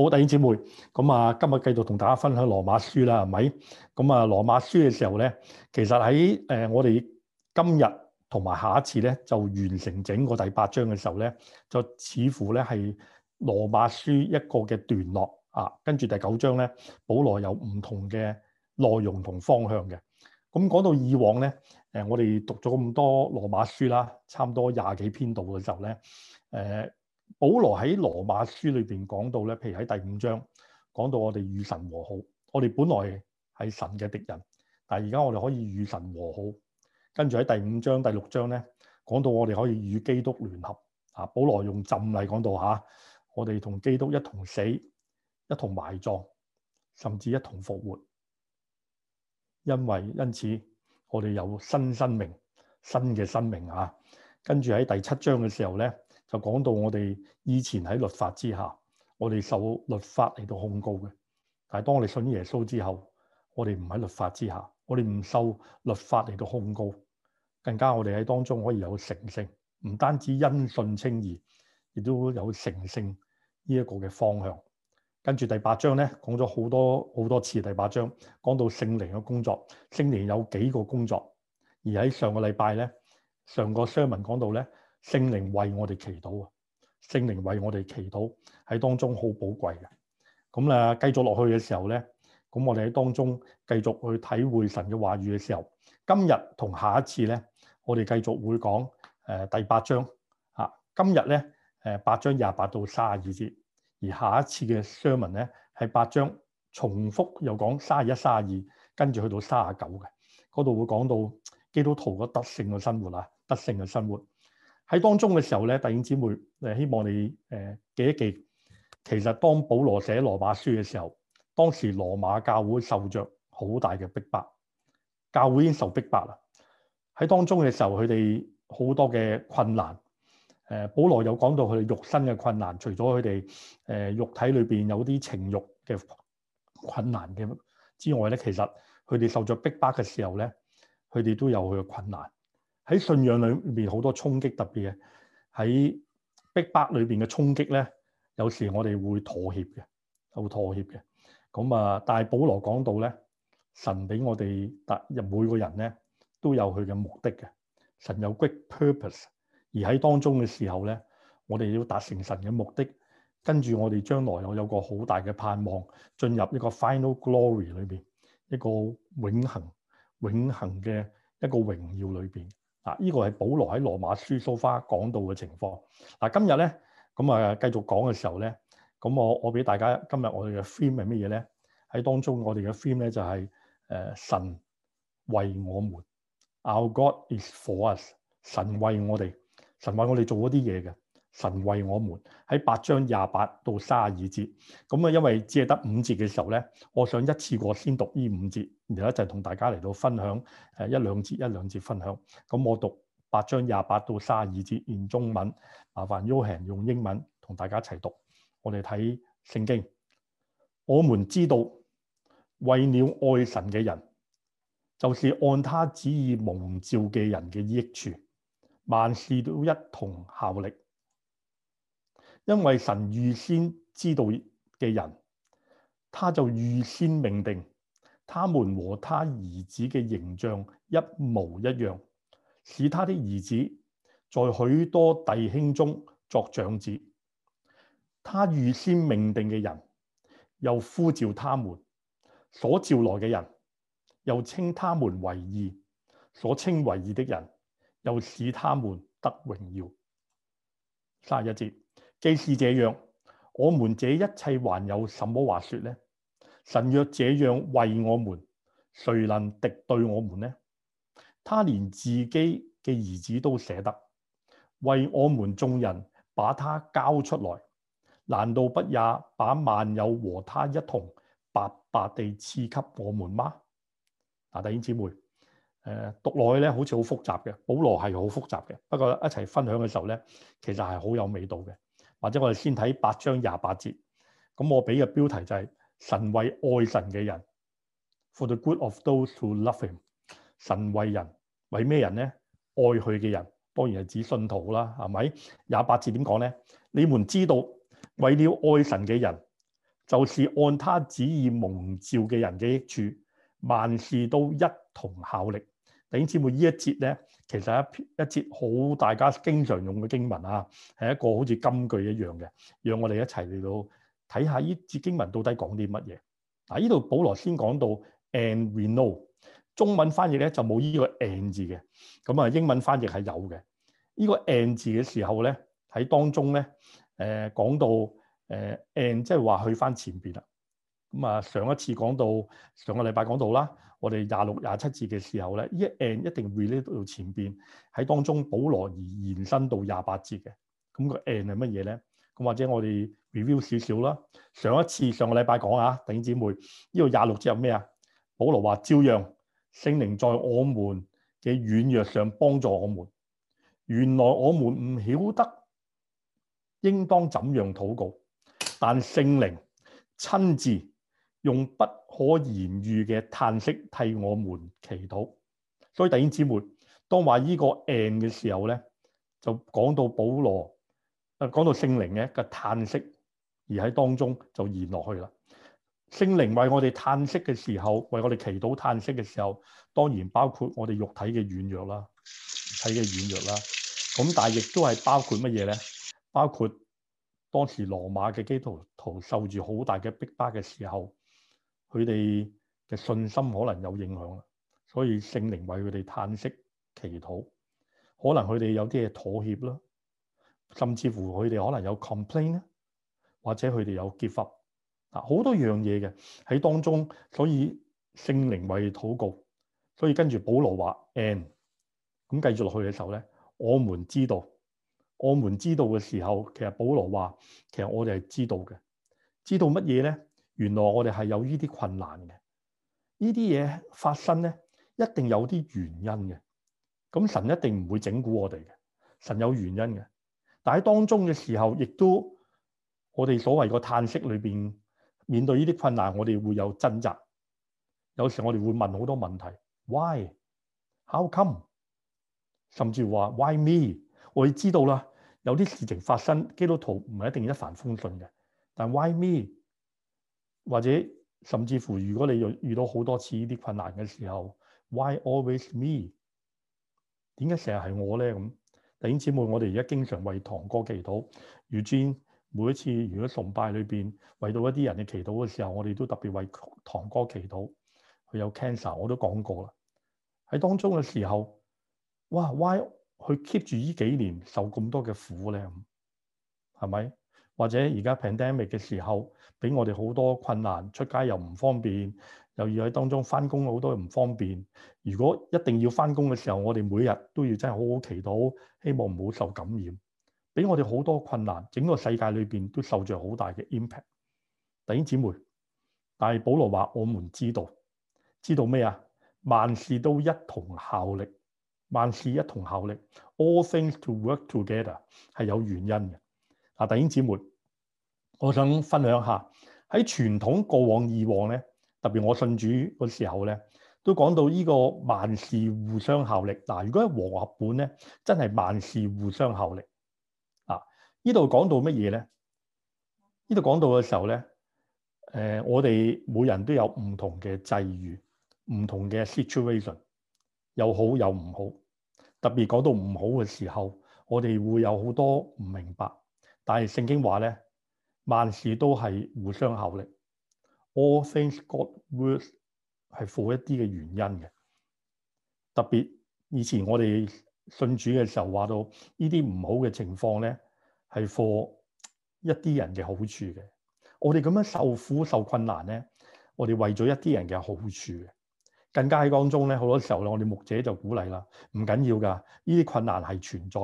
好弟兄姊妹，咁啊，今日繼續同大家分享羅馬書啦，係咪？咁啊，羅馬書嘅時候咧，其實喺誒我哋今日同埋下一次咧，就完成整個第八章嘅時候咧，就似乎咧係羅馬書一個嘅段落啊。跟住第九章咧，保羅有唔同嘅內容同方向嘅。咁講到以往咧，誒我哋讀咗咁多羅馬書啦，差唔多廿幾篇度嘅時候咧，誒、呃。保羅喺羅馬書裏邊講到咧，譬如喺第五章講到我哋與神和好，我哋本來係神嘅敵人，但係而家我哋可以與神和好。跟住喺第五章、第六章咧，講到我哋可以與基督聯合。啊，保羅用浸禮講到吓，我哋同基督一同死，一同埋葬，甚至一同復活，因為因此我哋有新生命、新嘅生命吓。跟住喺第七章嘅時候咧。就講到我哋以前喺律法之下，我哋受律法嚟到控告嘅。但係當我哋信耶穌之後，我哋唔喺律法之下，我哋唔受律法嚟到控告。更加我哋喺當中可以有成聖，唔單止因信稱義，亦都有成聖呢一個嘅方向。跟住第八章咧，講咗好多好多次。第八章講到聖靈嘅工作，聖靈有幾個工作。而喺上個禮拜咧，上個 sermon 講到咧。聖靈為我哋祈禱啊！聖靈為我哋祈禱喺當中好寶貴嘅。咁啊，繼續落去嘅時候咧，咁我哋喺當中繼續去體會神嘅話語嘅時候，今日同下一次咧，我哋繼續會講誒第八章啊。今日咧誒八章廿八到卅二節，而下一次嘅 sermon 咧係八章重複又講卅一卅二，跟住去到卅九嘅嗰度會講到基督徒嘅德性嘅生活啊，德性嘅生活。喺當中嘅時候咧，弟兄姊妹，誒希望你誒記一記。其實當保羅寫羅馬書嘅時候，當時羅馬教會受着好大嘅逼迫，教會已經受逼迫啦。喺當中嘅時候，佢哋好多嘅困難。誒，保羅有講到佢哋肉身嘅困難，除咗佢哋誒肉體裏邊有啲情欲嘅困難嘅之外咧，其實佢哋受着逼迫嘅時候咧，佢哋都有佢嘅困難。喺信仰裏面好多衝擊，特別嘅喺逼迫裏邊嘅衝擊咧，有時我哋會妥協嘅，會妥協嘅。咁啊，但係保羅講到咧，神俾我哋達入每個人咧都有佢嘅目的嘅，神有 good purpose。而喺當中嘅時候咧，我哋要達成神嘅目的，跟住我哋將來有有個好大嘅盼望，進入一個 final glory 裏邊，一個永恆永恆嘅一個榮耀裏邊。嗱，呢個係保羅喺羅馬書蘇花講到嘅情況。嗱，今日咧，咁啊繼續講嘅時候咧，咁我我俾大家今日我哋嘅 theme 係乜嘢咧？喺當中我哋嘅 theme 咧就係、是、誒、呃、神為我們，Our God is for us 神。神為我哋，神為我哋做一啲嘢嘅。神為我們喺八章廿八到三十二節。咁啊，因為只係得五節嘅時候咧，我想一次過先讀呢五節，然後一陣同大家嚟到分享誒，一兩節一兩節分享。咁我讀八章廿八到三十二節，用中文，麻煩 Yohan 用英文同大家一齊讀。我哋睇聖經，我們知道為了愛神嘅人，就是按他旨意蒙召嘅人嘅益處，萬事都一同效力。因為神預先知道嘅人，他就預先命定，他們和他兒子嘅形象一模一樣，使他的兒子在許多弟兄中作長子。他預先命定嘅人，又呼召他們，所召來嘅人，又稱他們為義，所稱為義的人，又使他們得榮耀。三十一節。既是這樣，我們這一切還有什麼話說呢？神若這樣為我們，誰能敵對我們呢？他連自己嘅兒子都捨得為我們眾人把他交出來，難道不也把萬有和他一同白白地賜給我們嗎？嗱、啊，弟兄姊妹，誒，讀嚟咧好似好複雜嘅，保羅係好複雜嘅，不過一齊分享嘅時候咧，其實係好有味道嘅。或者我哋先睇八章廿八節，咁我俾嘅標題就係神為愛神嘅人，for the good of those who love him。神為人為咩人呢？愛佢嘅人，當然係指信徒啦，係咪廿八節點講呢？你們知道，為了愛神嘅人，就是按他旨意蒙召嘅人嘅益處，萬事都一同效力。弟兄姊妹，呢一節咧，其實一一節好大家經常用嘅經文啊，係一個好似金句一樣嘅，讓我哋一齊嚟到睇下呢節經文到底講啲乜嘢。嗱、啊，呢度保羅先講到，and we know。中文翻譯咧就冇呢個 and 字嘅，咁、嗯、啊英文翻譯係有嘅。呢、這個 and 字嘅時候咧，喺當中咧，誒、呃、講到誒、呃、and 即係話去翻前面啦。咁啊、這個嗯這個，上一次講到上個禮拜講到啦，我哋廿六廿七節嘅時候咧，一 and 一定 review 到前邊喺當中，保羅而延伸到廿八節嘅，咁個 and 係乜嘢咧？咁或者我哋 review 少少啦。上一次上個禮拜講啊，弟兄姊妹，呢、這個廿六節係咩啊？保羅話：，照樣聖靈在我們嘅軟弱上幫助我們。原來我們唔曉得應當怎樣禱告，但聖靈親自用不可言喻嘅嘆息替我們祈禱，所以弟兄姊妹，當話呢、這個 end 嘅時候咧，就講到保羅，誒、呃，講到聖靈嘅嘅嘆息，而喺當中就延落去啦。聖靈為我哋嘆息嘅時候，為我哋祈禱嘆息嘅時候，當然包括我哋肉體嘅軟弱啦，體嘅軟弱啦，咁但係亦都係包括乜嘢咧？包括當時羅馬嘅基督徒受住好大嘅逼迫嘅時候。佢哋嘅信心可能有影響啦，所以聖靈為佢哋嘆息祈禱，可能佢哋有啲嘢妥協啦，甚至乎佢哋可能有 complain 咧，或者佢哋有結合。啊，好多樣嘢嘅喺當中，所以聖靈為禱告，所以跟住保羅話，and 咁繼續落去嘅時候咧，我們知道，我們知道嘅時候，其實保羅話，其實我哋係知道嘅，知道乜嘢咧？原來我哋係有呢啲困難嘅，呢啲嘢發生咧，一定有啲原因嘅。咁神一定唔會整蠱我哋嘅，神有原因嘅。但喺當中嘅時候，亦都我哋所謂嘅嘆息裏邊，面對呢啲困難，我哋會有掙扎。有時我哋會問好多問題，why，how come，甚至話 why me？我哋知道啦，有啲事情發生，基督徒唔係一定一帆風順嘅。但 why me？或者甚至乎，如果你又遇到好多次呢啲困難嘅時候，why always me？點解成日係我咧咁？弟兄姊妹，我哋而家經常為堂哥祈禱。如 Jane 每一次如果崇拜裏邊為到一啲人去祈禱嘅時候，我哋都特別為堂哥祈禱。佢有 cancer，我都講過啦。喺當中嘅時候，哇，why 佢 keep 住呢幾年受咁多嘅苦咧？係咪？或者而家 pandemic 嘅時候，俾我哋好多困難，出街又唔方便，又要喺當中翻工好多又唔方便。如果一定要翻工嘅時候，我哋每日都要真係好好祈禱，希望唔好受感染，俾我哋好多困難。整個世界裏邊都受着好大嘅 impact。弟兄姊妹，但係保羅話：我們知道，知道咩啊？萬事都一同效力，萬事一同效力，All things to work together 係有原因嘅。啊弟兄姊妹，我想分享下喺傳統過往以往咧，特別我信主嘅時候咧，都講到呢個萬事互相效力。嗱，如果喺和合本咧，真係萬事互相效力。啊，呢度講、啊、到乜嘢咧？呢度講到嘅時候咧，誒、呃，我哋每人都有唔同嘅際遇，唔同嘅 situation，有好有唔好。特別講到唔好嘅時候，我哋會有好多唔明白。但係聖經話咧，萬事都係互相效力。All things God works 係 for 一啲嘅原因嘅。特別以前我哋信主嘅時候話到，呢啲唔好嘅情況咧係 for 一啲人嘅好處嘅。我哋咁樣受苦受困難咧，我哋為咗一啲人嘅好處嘅。更加喺當中咧，好多時候咧，我哋牧者就鼓勵啦，唔緊要㗎。呢啲困難係存在，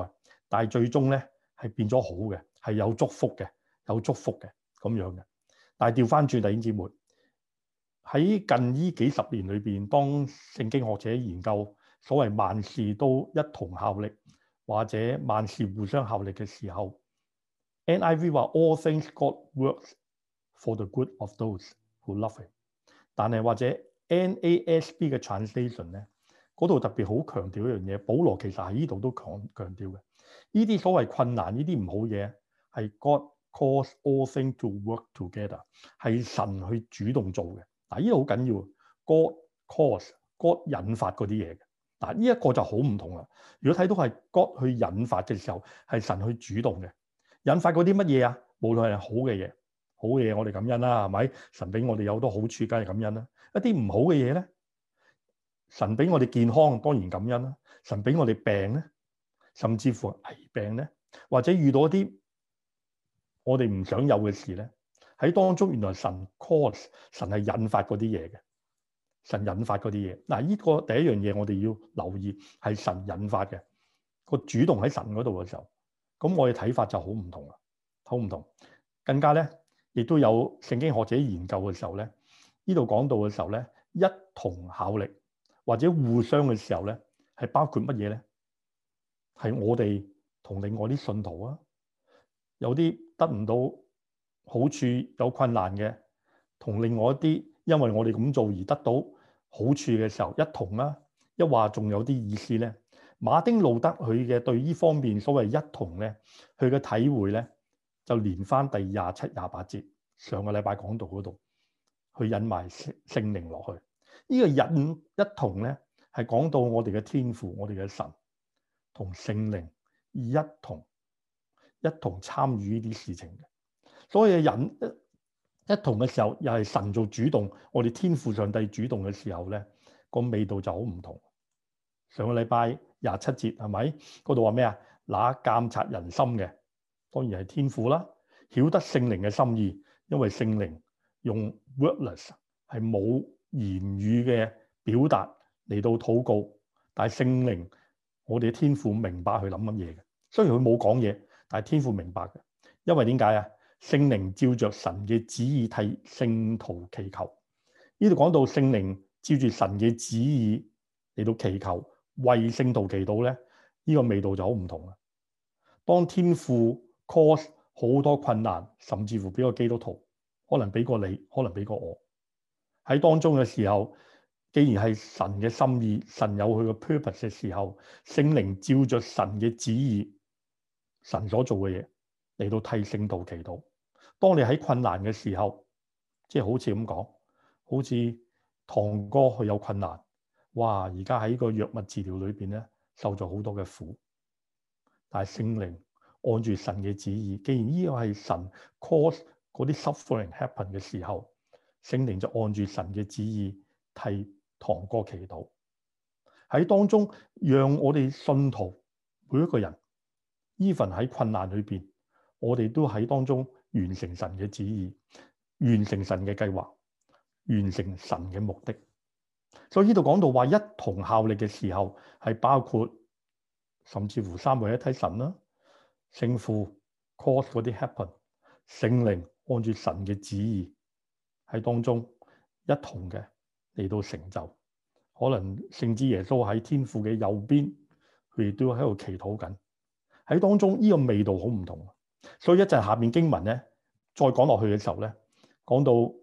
但係最終咧係變咗好嘅。係有祝福嘅，有祝福嘅咁樣嘅。但係掉返轉，弟兄姊妹，喺近呢幾十年裏邊，當聖經學者研究所謂萬事都一同效力，或者萬事互相效力嘅時候，N.I.V 話 All things God works for the good of those who love Him。但係或者 N.A.S.B 嘅 translation 咧，嗰度特別好強調一樣嘢。保羅其實喺呢度都強強調嘅，呢啲所謂困難，呢啲唔好嘢。係 God cause all things to work together 係神去主動做嘅。嗱，呢度好緊要。God cause God 引發嗰啲嘢嘅嗱，呢一個就好唔同啦。如果睇到係 God 去引發嘅時候，係神去主動嘅引發嗰啲乜嘢啊？無論係好嘅嘢、好嘅嘢，我哋感恩啦，係咪？神俾我哋有好多好處，梗係感恩啦。一啲唔好嘅嘢咧，神俾我哋健康，當然感恩啦。神俾我哋病咧，甚至乎危病咧，或者遇到一啲我哋唔想有嘅事咧，喺當中原來神 cause 神係引發嗰啲嘢嘅，神引發嗰啲嘢。嗱、這、呢個第一樣嘢我哋要留意係神引發嘅個主動喺神嗰度嘅時候，咁我嘅睇法就好唔同啦，好唔同。更加咧，亦都有聖經學者研究嘅時候咧，呢度講到嘅時候咧，一同效力或者互相嘅時候咧，係包括乜嘢咧？係我哋同另外啲信徒啊，有啲。得唔到好處有困難嘅，同另外一啲因為我哋咁做而得到好處嘅時候一同啦、啊，一話仲有啲意思咧。馬丁路德佢嘅對呢方面所謂一同咧，佢嘅體會咧就連翻第廿七廿八節上個禮拜講到嗰度，去引埋聖靈落去。呢、這個引一同咧係講到我哋嘅天父、我哋嘅神同聖靈一同，一同參與呢啲事情嘅，所以人一同嘅時候，又係神做主動。我哋天父上帝主動嘅時候咧，個味道就好唔同。上個禮拜廿七節係咪嗰度話咩啊？嗱，監察人心嘅，當然係天父啦，曉得聖靈嘅心意，因為聖靈用 wordless 係冇言語嘅表達嚟到禱告，但係聖靈，我哋嘅天父明白去諗乜嘢嘅，雖然佢冇講嘢。但係天父明白嘅，因為點解啊？聖靈照着神嘅旨意替聖徒祈求，呢度講到聖靈照住神嘅旨意嚟到祈求為聖徒祈禱咧，呢、這個味道就好唔同啦。當天父 cause 好多困難，甚至乎俾個基督徒，可能俾過你，可能俾過我喺當中嘅時候，既然係神嘅心意，神有佢嘅 purpose 嘅時候，聖靈照着神嘅旨意。神所做嘅嘢嚟到替聖徒祈禱。當你喺困難嘅時候，即係好似咁講，好似唐哥佢有困難，哇！而家喺個藥物治療裏邊咧，受咗好多嘅苦。但係聖靈按住神嘅旨意，既然呢個係神 cause 嗰啲 suffering happen 嘅時候，聖靈就按住神嘅旨意替唐哥祈禱。喺當中，讓我哋信徒每一個人。Even 喺困難裏邊，我哋都喺當中完成神嘅旨意，完成神嘅計劃，完成神嘅目的。所以呢度講到話一同效力嘅時候，係包括甚至乎三位一體神啦，聖父、cause 嗰啲 happen，聖靈按住神嘅旨意喺當中一同嘅嚟到成就。可能聖子耶穌喺天父嘅右邊，佢哋都喺度祈禱緊。喺當中呢個味道好唔同，所以一陣下面經文咧再講落去嘅時候咧，講到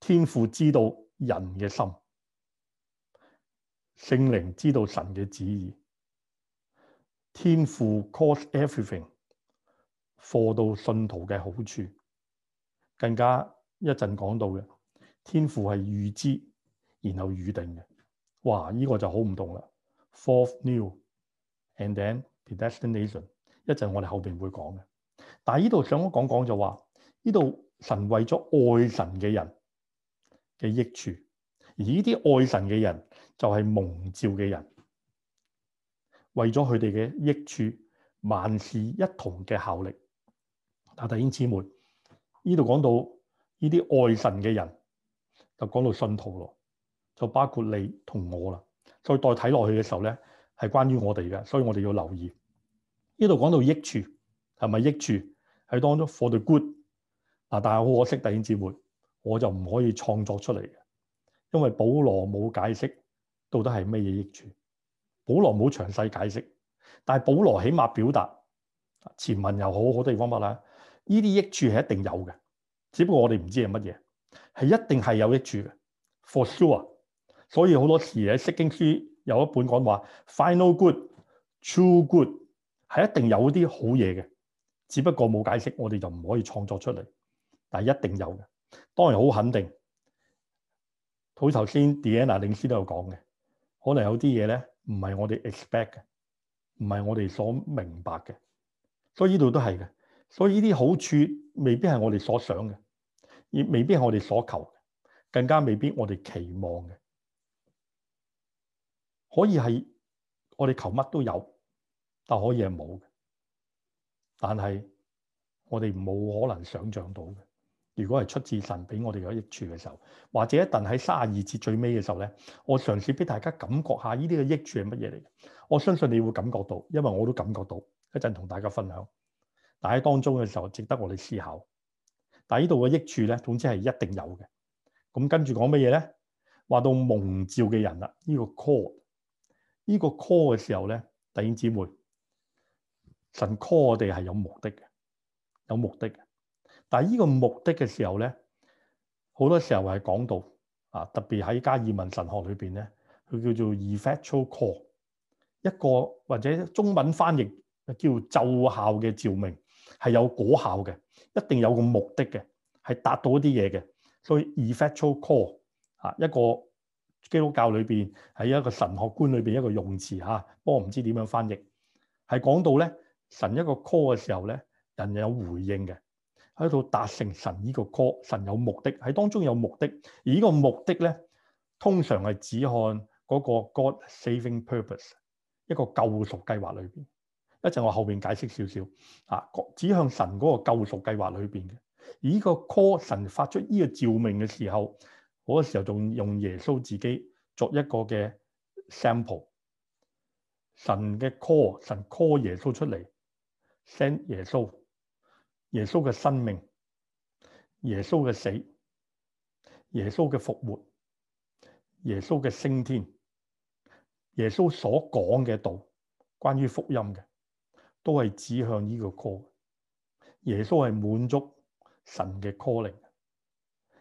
天父知道人嘅心，聖靈知道神嘅旨意，天父 cause everything，賜到信徒嘅好處，更加一陣講到嘅天父係預知，然後預定嘅，哇！呢個就好唔同啦。Four new and then。destination 一陣我哋後邊會講嘅，但係呢度想講講就話，呢度神為咗愛神嘅人嘅益處，而呢啲愛神嘅人就係蒙召嘅人，為咗佢哋嘅益處，萬事一同嘅效力。啊，弟兄姊妹，呢度講到呢啲愛神嘅人，就講到信徒咯，就包括你同我啦。再代睇落去嘅時候咧，係關於我哋嘅，所以我哋要留意。呢度講到益處，係咪益處係當中 for the good 啊？但係好可惜，第二節會我就唔可以創作出嚟嘅，因為保羅冇解釋到底係乜嘢益處。保羅冇詳細解釋，但係保羅起碼表達前文又好好多地方乜啦。呢啲益處係一定有嘅，只不過我哋唔知係乜嘢，係一定係有益處嘅，for sure。所以好多時喺釋經書有一本講話 final good，true good。係一定有啲好嘢嘅，只不過冇解釋，我哋就唔可以創作出嚟。但係一定有嘅，當然好肯定。好似頭先 Diana 領師都有講嘅，可能有啲嘢咧唔係我哋 expect 嘅，唔係我哋所明白嘅。所以呢度都係嘅。所以呢啲好處未必係我哋所想嘅，亦未必係我哋所求嘅，更加未必我哋期望嘅。可以係我哋求乜都有。但可以係冇嘅，但係我哋冇可能想象到嘅。如果係出自神俾我哋有益處嘅時候，或者一陣喺卅二節最尾嘅時候咧，我嘗試俾大家感覺下呢啲嘅益處係乜嘢嚟嘅。我相信你會感覺到，因為我都感覺到。一陣同大家分享。但喺當中嘅時候，值得我哋思考。但係呢度嘅益處咧，總之係一定有嘅。咁跟住講乜嘢咧？話到蒙召嘅人啦，呢個 call，呢個 call 嘅時候咧，弟兄姊妹。神 call 我哋係有目的嘅，有目的嘅。但係呢個目的嘅時候咧，好多時候係講到啊，特別喺加爾文神學裏邊咧，佢、啊、叫做 effectual call，一個或者中文翻譯叫奏效嘅召命，係有果效嘅，一定有個目的嘅，係達到一啲嘢嘅。所以 effectual call 啊，一個基督教裏邊喺一個神學觀裏邊一個用詞嚇，啊、不過唔知點樣翻譯係講到咧。神一個 call 嘅時候咧，人,人有回應嘅，喺度達成神呢個 call。神有目的喺當中有目的，而呢個目的咧，通常係指向嗰個 God-saving purpose，一個救贖計劃裏邊。一陣我後邊解釋少少啊，指向神嗰個救贖計劃裏邊嘅。而呢個 call 神發出呢個召命嘅時候，嗰、那個時候仲用耶穌自己作一個嘅 sample。神嘅 call，神 call 耶穌出嚟。聖耶穌耶穌嘅生命，耶穌嘅死，耶穌嘅復活，耶穌嘅升天，耶穌所講嘅道，關於福音嘅，都係指向呢個 call。耶穌係滿足神嘅 calling，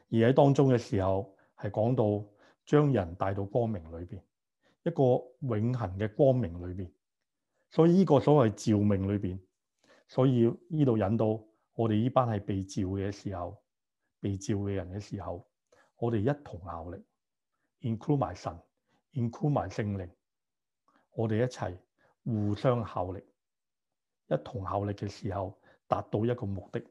而喺當中嘅時候係講到將人帶到光明裏邊，一個永恒嘅光明裏邊。所以呢個所謂召命裏邊。所以呢度引到我哋呢班係被召嘅時候，被召嘅人嘅時候，我哋一同效力，include 埋神，include 埋聖靈，我哋一齊互相效力，一同效力嘅時候達到一個目的。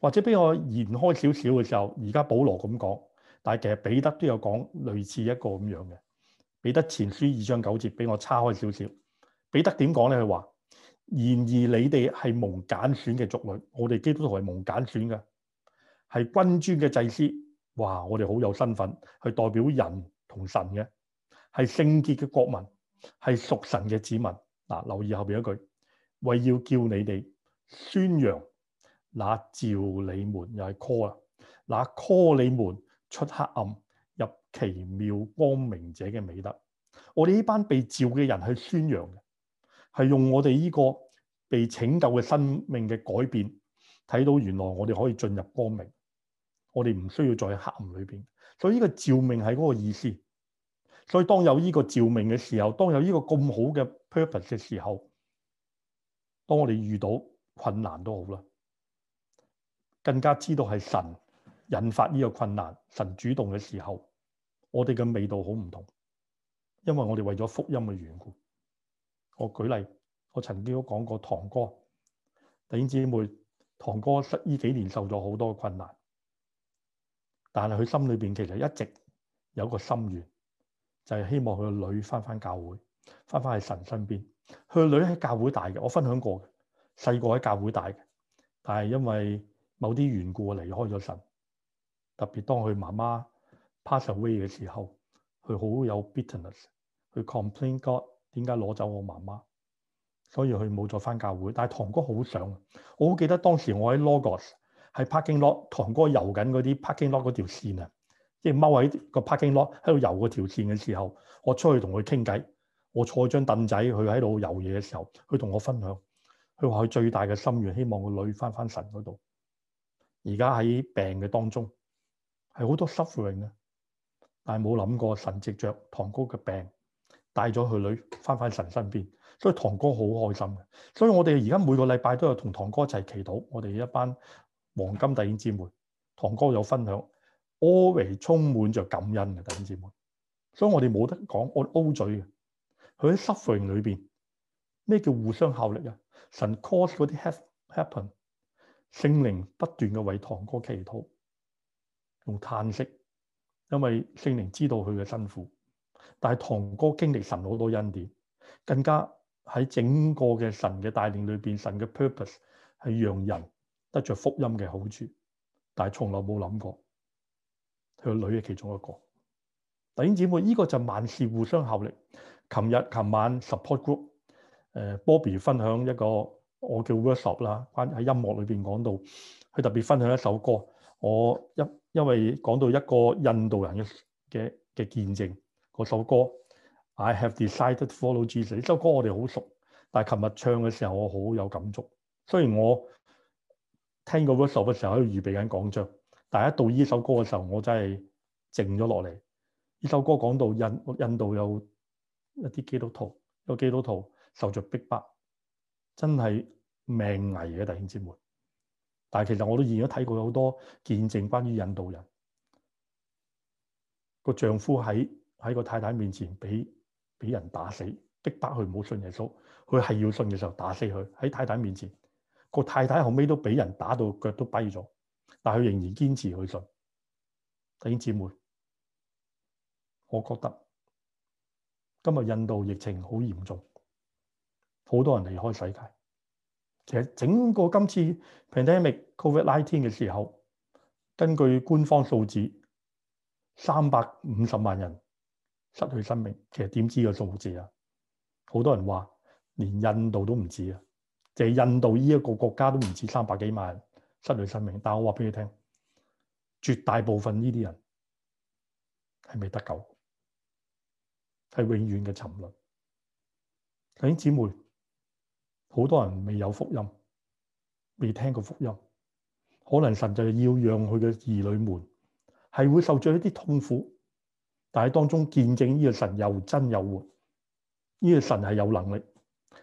或者俾我延開少少嘅時候，而家保羅咁講，但係其實彼得都有講類似一個咁樣嘅。彼得前書二章九節俾我叉開少少，彼得點講咧？佢話。然而你哋係蒙揀選嘅族類，我哋基督徒係蒙揀選嘅，係君尊嘅祭司。哇！我哋好有身份，去代表人同神嘅，係聖潔嘅國民，係屬神嘅子民。嗱、啊，留意後邊一句，為要叫你哋宣揚，那召你們又係 call 啊，那 call 你們出黑暗入奇妙光明者嘅美德。我哋呢班被召嘅人去宣揚嘅。係用我哋呢個被拯救嘅生命嘅改變，睇到原來我哋可以進入光明，我哋唔需要再喺黑暗裏邊。所以呢個照明係嗰個意思。所以當有呢個照明嘅時候，當有呢個咁好嘅 purpose 嘅時候，當我哋遇到困難都好啦，更加知道係神引發呢個困難，神主動嘅時候，我哋嘅味道好唔同，因為我哋為咗福音嘅緣故。我舉例，我曾經都講過堂哥弟兄姊妹，堂哥失依幾年受咗好多困難，但係佢心裏邊其實一直有個心願，就係、是、希望佢個女翻返教會，翻返喺神身邊。佢個女喺教會大嘅，我分享過嘅，細個喺教會大嘅，但係因為某啲緣故啊，離開咗神。特別當佢媽媽 pass away 嘅時候，佢好有 bitterness，佢 complain God。點解攞走我媽媽？所以佢冇再翻教會。但係堂哥好想，我好記得當時我喺 Logos 係 parking lot，堂哥遊緊嗰啲 parking lot 嗰條線啊，即係踎喺個 parking lot 喺度遊嗰條線嘅時候，我出去同佢傾偈。我坐張凳仔，佢喺度遊嘢嘅時候，佢同我分享。佢話佢最大嘅心願，希望個女翻翻神嗰度。而家喺病嘅當中，係好多 suffering 啊，但係冇諗過神藉着堂哥嘅病。帶咗佢女翻返神身邊，所以堂哥好開心嘅。所以我哋而家每個禮拜都有同堂哥一齊祈禱。我哋一班黃金弟兄姊妹，堂哥有分享，always 充滿着感恩嘅弟兄姊妹。所以我哋冇得講，我 O 嘴嘅。佢喺 suffering 裏邊，咩叫互相效力啊？神 cause 嗰啲 has happen，聖靈不斷嘅為堂哥祈禱，用嘆息，因為聖靈知道佢嘅辛苦。但係，堂哥經歷神好多恩典，更加喺整個嘅神嘅帶領裏邊，神嘅 purpose 係讓人得着福音嘅好處。但係從來冇諗過佢個女係其中一個弟兄姐妹。呢、這個就萬事互相效力。琴日琴晚 support group，誒 Bobby 分享一個我叫 worship 啦，關喺音樂裏邊講到，佢特別分享一首歌。我因因為講到一個印度人嘅嘅嘅見證。嗰首歌 I have decided to follow Jesus，呢首歌我哋好熟，但係琴日唱嘅時候我好有感觸。雖然我聽過嗰首嘅時候喺度預備緊講章，但係一到呢首歌嘅時候，我真係靜咗落嚟。呢首歌講到印、印度有一啲基督徒，有基督徒受着逼迫，真係命危嘅弟兄姊妹。但係其實我都見咗睇過好多見證，關於印度人個丈夫喺。喺個太太面前俾俾人打死，逼迫佢唔好信耶穌。佢係要信嘅時候打死佢。喺太太面前，個太太後尾都俾人打到腳都跛咗，但係佢仍然堅持去信。弟兄姊妹，我覺得今日印度疫情好嚴重，好多人離開世界。其實整個今次 pandemic, COVID-19 嘅時候，根據官方數字，三百五十萬人，失去生命，其實點知個數字啊？好多人話連印度都唔止啊，淨係印度呢一個國家都唔止三百幾萬人失去生命。但係我話俾你聽，絕大部分呢啲人係未得救，係永遠嘅沉淪。各位姊妹，好多人未有福音，未聽過福音，可能神就係要讓佢嘅兒女們係會受著一啲痛苦。但喺當中見證呢個神又真又活，呢、這個神係有能力，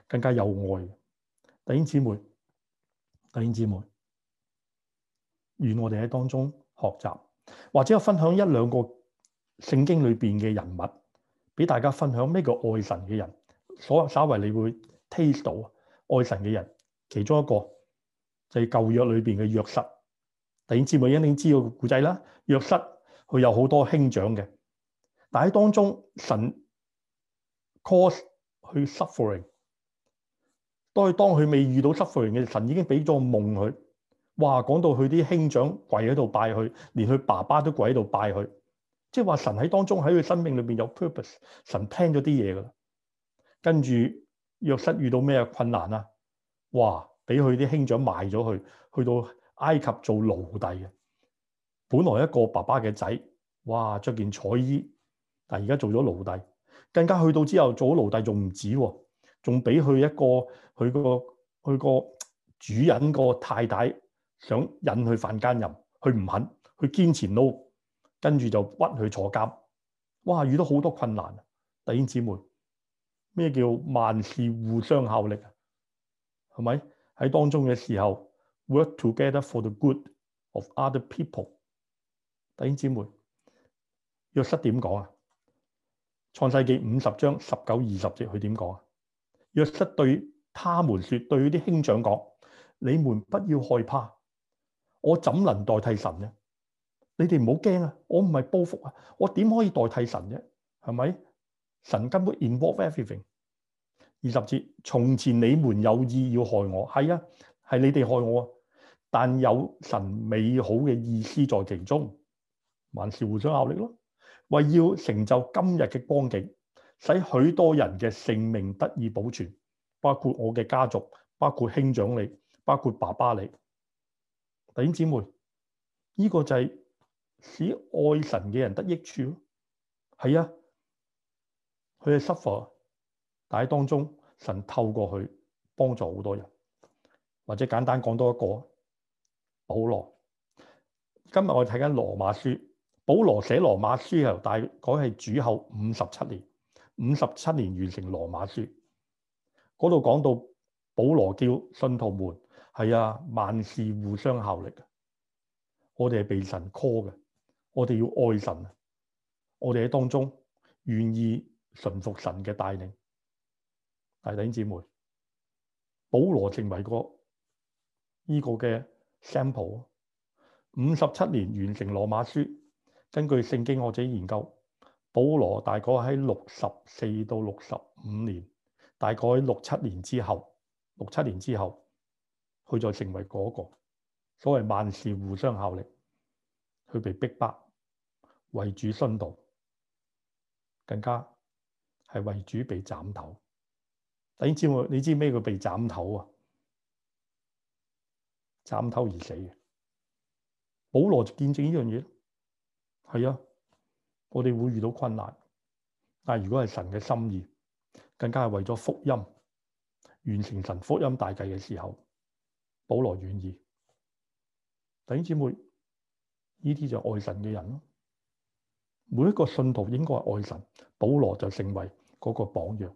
更加有愛。弟兄姊妹，弟兄姊妹，願我哋喺當中學習，或者我分享一兩個聖經裏邊嘅人物，俾大家分享咩叫愛神嘅人。所稍為你會 taste 到愛神嘅人，其中一個就係、是、舊約裏邊嘅約瑟。弟兄姊妹一定知道個故仔啦，約瑟，佢有好多兄長嘅。但喺當中神 cause 去 suffering，當佢當佢未遇到 suffering 嘅，神已經俾咗個夢佢。哇！講到佢啲兄長跪喺度拜佢，連佢爸爸都跪喺度拜佢。即係話神喺當中喺佢生命裏邊有 purpose 神。神聽咗啲嘢㗎喇，跟住約瑟遇到咩困難啊？哇！俾佢啲兄長賣咗佢，去到埃及做奴隸嘅。本來一個爸爸嘅仔，哇！着件彩衣。但而家做咗奴隸，更加去到之後做咗奴隸仲唔止，哦，仲俾佢一個佢個佢個主人個太太想引佢犯奸淫，佢唔肯，佢堅持撈，跟住就屈佢坐監。哇！遇到好多困難啊。弟兄姊妹，咩叫萬事互相效力啊？係咪喺當中嘅時候 work together for the good of other people？弟兄姊妹，約瑟點講啊？創世紀五十章十九二十節，佢點講啊？約瑟對他們說，對啲兄長講：你們不要害怕，我怎能代替神呢？你哋唔好驚啊！我唔係報復啊！我點可以代替神啫？係咪？神根本 involve everything。二十節，從前你們有意要害我，係啊，係你哋害我啊！但有神美好嘅意思在其中，還是互相效力咯。為要成就今日嘅光景，使許多人嘅性命得以保存，包括我嘅家族，包括兄長你，包括爸爸你。弟兄姊妹，呢個就係使愛神嘅人得益處咯。係啊，佢哋 suffer，但係當中神透過佢幫助好多人，或者簡單講多一個保羅。今日我哋睇緊羅馬書。保羅寫羅馬書大概係主後五十七年，五十七年完成羅馬書嗰度講到保羅叫信徒們，係啊，萬事互相效力，我哋係被神 call 嘅，我哋要愛神啊，我哋喺當中願意順服神嘅帶領。大弟兄姊妹，保羅成為個呢個嘅 sample，五十七年完成羅馬書。根據聖經學者研究，保羅大概喺六十四到六十五年，大概喺六七年之後，六七年之後，佢再成為嗰個所謂萬事互相效力，佢被逼迫為主殉道，更加係為主被斬頭。你知我，你知咩叫被斬頭啊？斬頭而死，保羅就見證呢樣嘢。係啊，我哋會遇到困難，但係如果係神嘅心意，更加係為咗福音完成神福音大計嘅時候，保羅願意。弟兄姊妹，呢啲就愛神嘅人咯。每一個信徒應該係愛神，保羅就成為嗰個榜樣。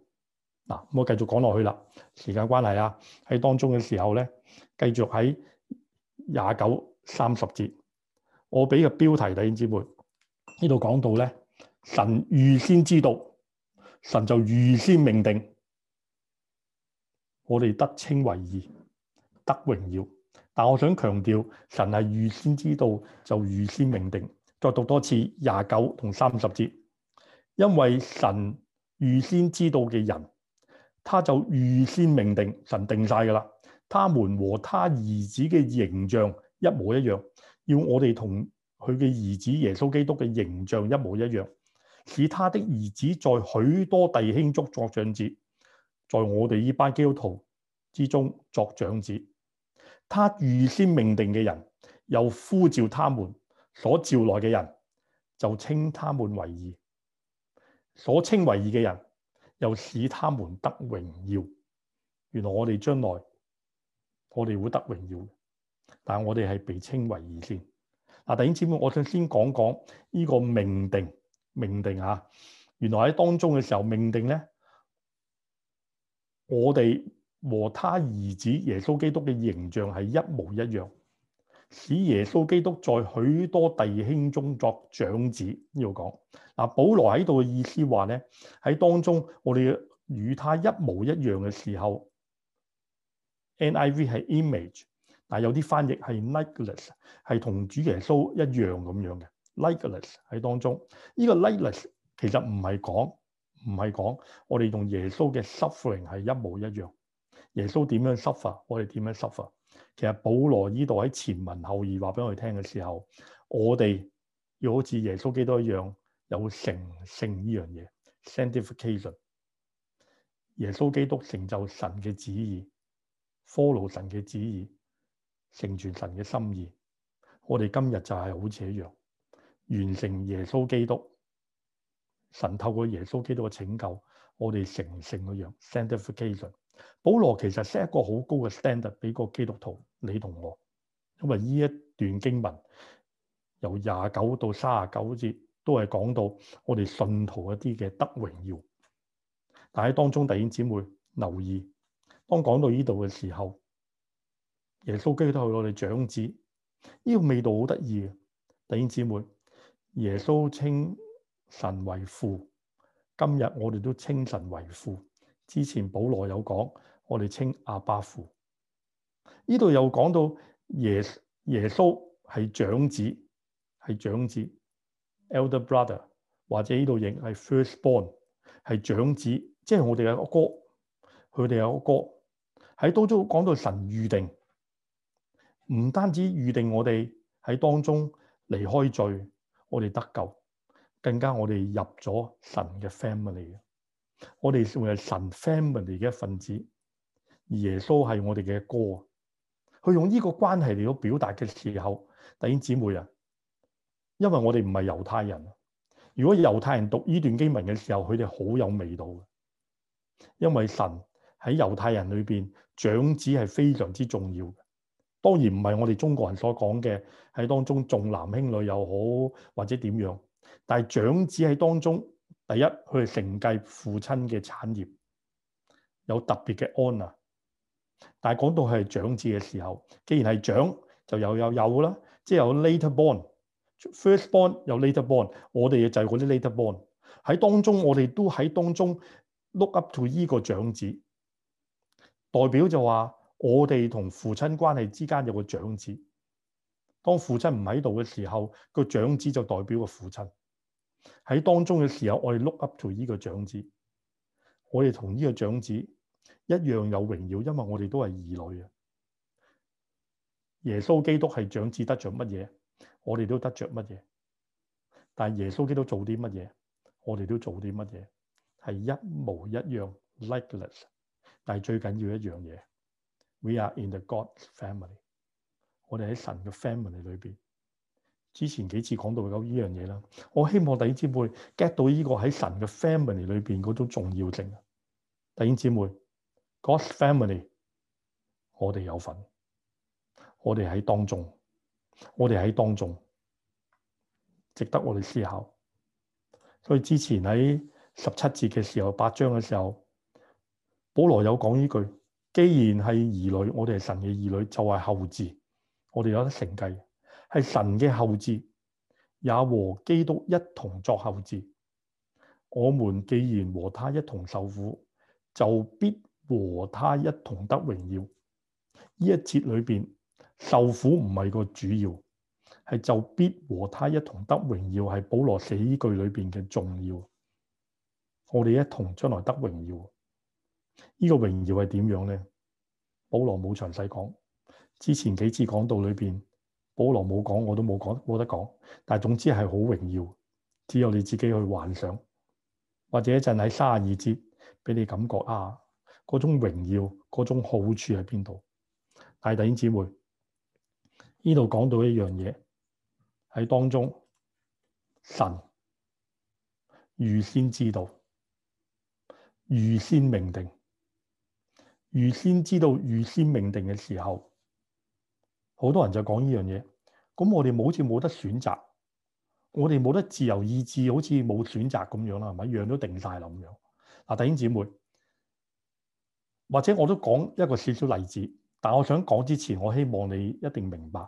嗱，我繼續講落去啦，時間關係啊，喺當中嘅時候咧，繼續喺廿九三十節，我俾個標題，弟兄姊妹。呢度講到咧，神預先知道，神就預先命定，我哋得稱為義，得榮耀。但我想強調，神係預先知道就預先命定。再讀多次廿九同三十節，因為神預先知道嘅人，他就預先命定，神定晒㗎喇。他們和他兒子嘅形象一模一樣，要我哋同。佢嘅兒子耶穌基督嘅形象一模一樣，使他的兒子在許多弟兄中作長子，在我哋呢班基督徒之中作長子。他預先命定嘅人，又呼召他們，所召來嘅人，就稱他們為義。所稱為義嘅人，又使他們得榮耀。原來我哋將來，我哋會得榮耀，但我哋係被稱為義先。嗱，弟兄姊妹，我想先講講呢個命定，命定嚇、啊。原來喺當中嘅時候，命定咧，我哋和他兒子耶穌基督嘅形象係一模一樣，使耶穌基督在許多弟兄中作長子。呢度講，嗱，保羅喺度嘅意思話咧，喺當中我哋與他一模一樣嘅時候，NIV 係 image。但有啲翻譯係 likeness 係同主耶穌一樣咁樣嘅 likeness 喺當中。呢、這個 likeness 其實唔係講，唔係講我哋用耶穌嘅 suffering 係一模一樣。耶穌點樣 suffer，我哋點樣 suffer。其實保羅呢度喺前文後義話俾我哋聽嘅時候，我哋要好似耶穌基督一樣有成聖呢樣嘢 sanctification。耶穌基督成就神嘅旨意，follow 神嘅旨意。成全神嘅心意，我哋今日就係好似一樣，完成耶穌基督。神透過耶穌基督嘅拯救，我哋成聖嘅樣 （sanctification）。明保羅其實 set 一個好高嘅 standard 俾個基督徒你同我，因為呢一段經文由廿九到卅九節都係講到我哋信徒一啲嘅得榮耀。但喺當中弟兄姊妹留意，當講到呢度嘅時候。耶穌基督係我哋長子，呢、這個味道好得意嘅，弟兄姊妹。耶穌稱神為父，今日我哋都稱神為父。之前保羅有講，我哋稱阿爸父。呢度又講到耶耶穌係長子，係長子，Elder brother 或者呢度認係 first born，係長子，即、就、係、是、我哋有個哥，佢哋有個哥。喺當中講到神預定。唔單止預定我哋喺當中離開罪，我哋得救，更加我哋入咗神嘅 family，我哋成為神 family 嘅一份子。耶穌係我哋嘅哥，佢用呢個關係嚟到表達嘅時候，弟兄姊妹啊，因為我哋唔係猶太人，如果猶太人讀呢段經文嘅時候，佢哋好有味道嘅，因為神喺猶太人裏邊長子係非常之重要嘅。當然唔係我哋中國人所講嘅喺當中重男輕女又好或者點樣，但係長子喺當中第一，佢係承繼父親嘅產業，有特別嘅 honor。但係講到佢係長子嘅時候，既然係長，就有有有啦，即係有 later born，first born 有 later born，我哋就係嗰啲 later born 喺當中，我哋都喺當中 look up to 依個長子，代表就話。我哋同父親關係之間有個長子，當父親唔喺度嘅時候，個長子就代表個父親。喺當中嘅時候，我哋 look up to 呢個長子，我哋同呢個長子一樣有榮耀，因為我哋都係兒女啊。耶穌基督係長子得着乜嘢，我哋都得着乜嘢。但係耶穌基督做啲乜嘢，我哋都做啲乜嘢，係一模一樣 like less, 一。Likeless，但係最緊要一樣嘢。We are in the God's family。我哋喺神嘅 family 裏邊，之前幾次講到有呢樣嘢啦。我希望弟兄姊妹 get 到呢個喺神嘅 family 裏邊嗰種重要性。弟兄姊妹，God's family，我哋有份，我哋喺當中，我哋喺當中，值得我哋思考。所以之前喺十七節嘅時候，八章嘅時候，保羅有講呢句。既然係兒女，我哋係神嘅兒女，就係、是、後嗣，我哋有得承繼，係神嘅後嗣，也和基督一同作後嗣。我們既然和他一同受苦，就必和他一同得榮耀。呢一節裏邊，受苦唔係個主要，係就必和他一同得榮耀，係保羅寫呢句裏邊嘅重要。我哋一同將來得榮耀。呢、這個榮耀係點樣咧？保羅冇詳細講，之前幾次講到裏邊，保羅冇講，我都冇講，冇得講。但係總之係好榮耀，只有你自己去幻想，或者一陣喺三十二節俾你感覺啊，嗰種榮耀，嗰種好處喺邊度？大弟兄姊妹，呢度講到一樣嘢喺當中，神預先知道，預先命定。預先知道預先命定嘅時候，好多人就講呢樣嘢。咁我哋冇好似冇得選擇，我哋冇得自由意志，好似冇選擇咁樣啦，係咪？樣都定晒啦咁樣。嗱，弟兄姊妹，或者我都講一個少少例子。但我想講之前，我希望你一定明白，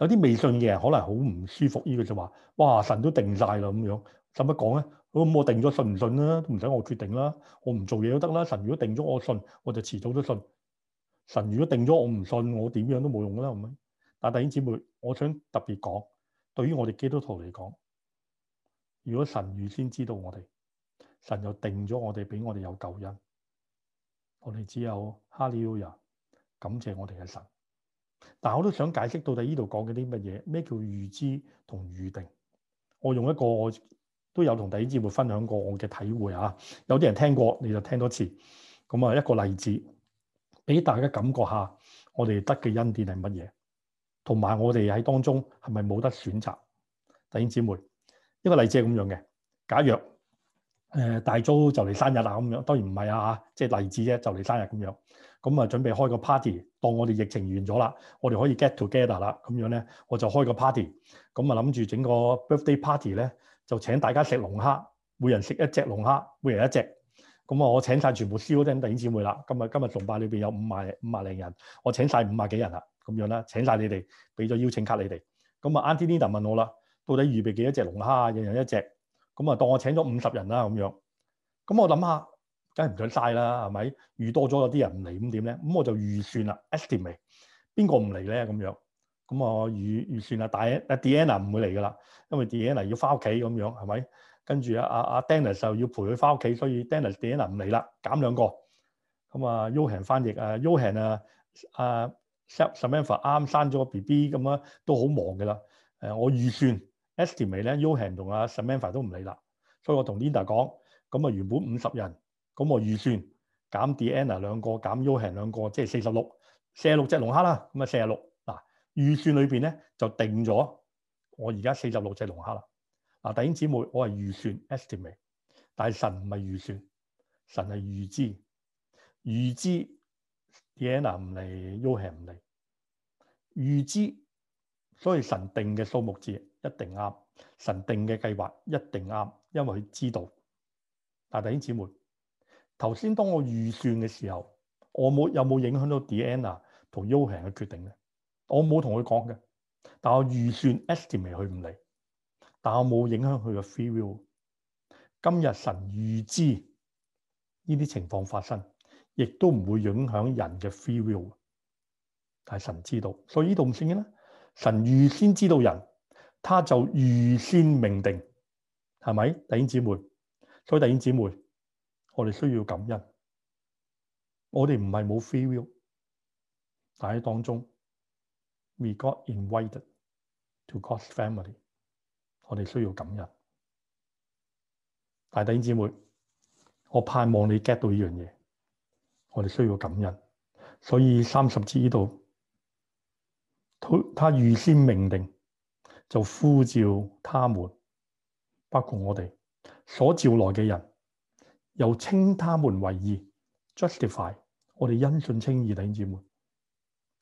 有啲未信嘅人可能好唔舒服呢，這個就話：哇，神都定晒啦咁樣。使乜講咧？咁、嗯、我定咗信唔信啦，唔使我決定啦。我唔做嘢都得啦。神如果定咗我信，我就遲早都信。神如果定咗我唔信，我點樣都冇用啦咁樣。但弟兄姐妹，我想特別講，對於我哋基督徒嚟講，如果神預先知道我哋，神又定咗我哋，俾我哋有救恩。我哋只有哈利路亞，感謝我哋嘅神。但我都想解釋到底呢度講緊啲乜嘢？咩叫預知同預定？我用一個，都有同弟兄姊妹分享過我嘅體會啊！有啲人聽過，你就聽多次。咁啊，一個例子俾大家感覺下，我哋得嘅恩典係乜嘢，同埋我哋喺當中係咪冇得選擇？弟兄姊妹，一個例子係咁樣嘅，假若誒大租就嚟生日啦咁樣，當然唔係啊嚇，即係例子啫，就嚟生日咁樣。咁啊，準備開個 party，當我哋疫情完咗啦，我哋可以 get together 啦，咁樣咧，我就開個 party，咁啊，諗住整個 birthday party 咧。就請大家食龍蝦，每人食一隻龍蝦，每人一隻。咁、嗯、啊，我請晒全部燒嗰啲咁弟兄姊妹啦。今日今日崇拜裏邊有五萬五萬零人，我請晒五萬幾人啦。咁樣啦，請晒你哋，俾咗邀請卡你哋。咁、嗯、啊，Auntie Nina 就問我啦，到底預備幾多隻龍蝦啊？人人一隻。咁、嗯、啊，當我請咗五十人啦咁樣。咁、嗯、我諗下，梗係唔想嘥啦，係咪預多咗有啲人唔嚟咁點咧？咁、嗯、我就預算啦，estimate 邊個唔嚟咧咁樣。咁我預預算啊，大啊 Diana 唔會嚟噶啦，因為 Diana 要翻屋企咁樣，係咪？跟住啊啊啊 Dennis 又要陪佢翻屋企，所以 Dennis、Diana 唔嚟啦，減兩個。咁啊，Yohan 翻譯啊，Yohan 啊、uh，啊 Samantha 啱生咗個 BB 咁啊，都好忙噶啦。誒，我預算 estimate、呃、er 未咧，Yohan 同阿 Samantha 都唔嚟啦。所以我同 Linda 講，咁啊原本五十人，咁我預算減 Diana 兩個，減 Yohan 兩個，即係四十六，四十六隻龍蝦啦，咁啊四十六。預算裏邊咧就定咗我而家四十六隻龍蝦啦。嗱，弟兄姊妹，我係預算 estimate，但係神唔係預算，神係預知預知。Diana 唔嚟，Yohan 唔嚟，預知。所以神定嘅數目字一定啱，神定嘅計劃一定啱，因為佢知道。但係弟兄姊妹，頭先當我預算嘅時候，我冇有冇影響到 Diana 同 Yohan 嘅決定咧？我冇同佢講嘅，但我預算 estimate 佢唔嚟，但我冇影響佢嘅 free will。今日神預知呢啲情況發生，亦都唔會影響人嘅 free will。但係神知道，所以呢度唔算嘅啦。神預先知道人，他就預先命定，係咪弟兄姊妹？所以弟兄姊妹，我哋需要感恩。我哋唔係冇 free will，但喺當中。We got invited to God's family。我哋需要感恩，大弟兄姊妹，我盼望你 get 到呢樣嘢。我哋需要感恩，所以三十至呢度，他他預先命定就呼召他們，包括我哋所召來嘅人，又稱他們為義，justify。Just 我哋因信稱義，弟兄姊妹，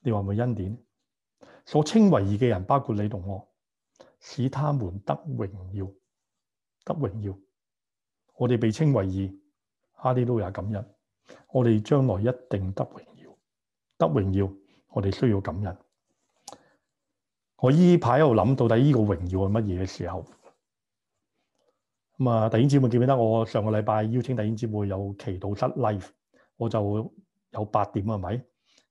你話冇恩典？所稱為義嘅人，包括你同我，使他們得榮耀，得榮耀。我哋被稱為義，哈利路亞感恩。我哋將來一定得榮耀，得榮耀。我哋需要感恩。我依排喺度諗到底呢個榮耀係乜嘢嘅時候，咁、嗯、啊，弟兄姊妹記唔記得我上個禮拜邀請弟兄姊妹有祈禱得 life，我就有八點係咪？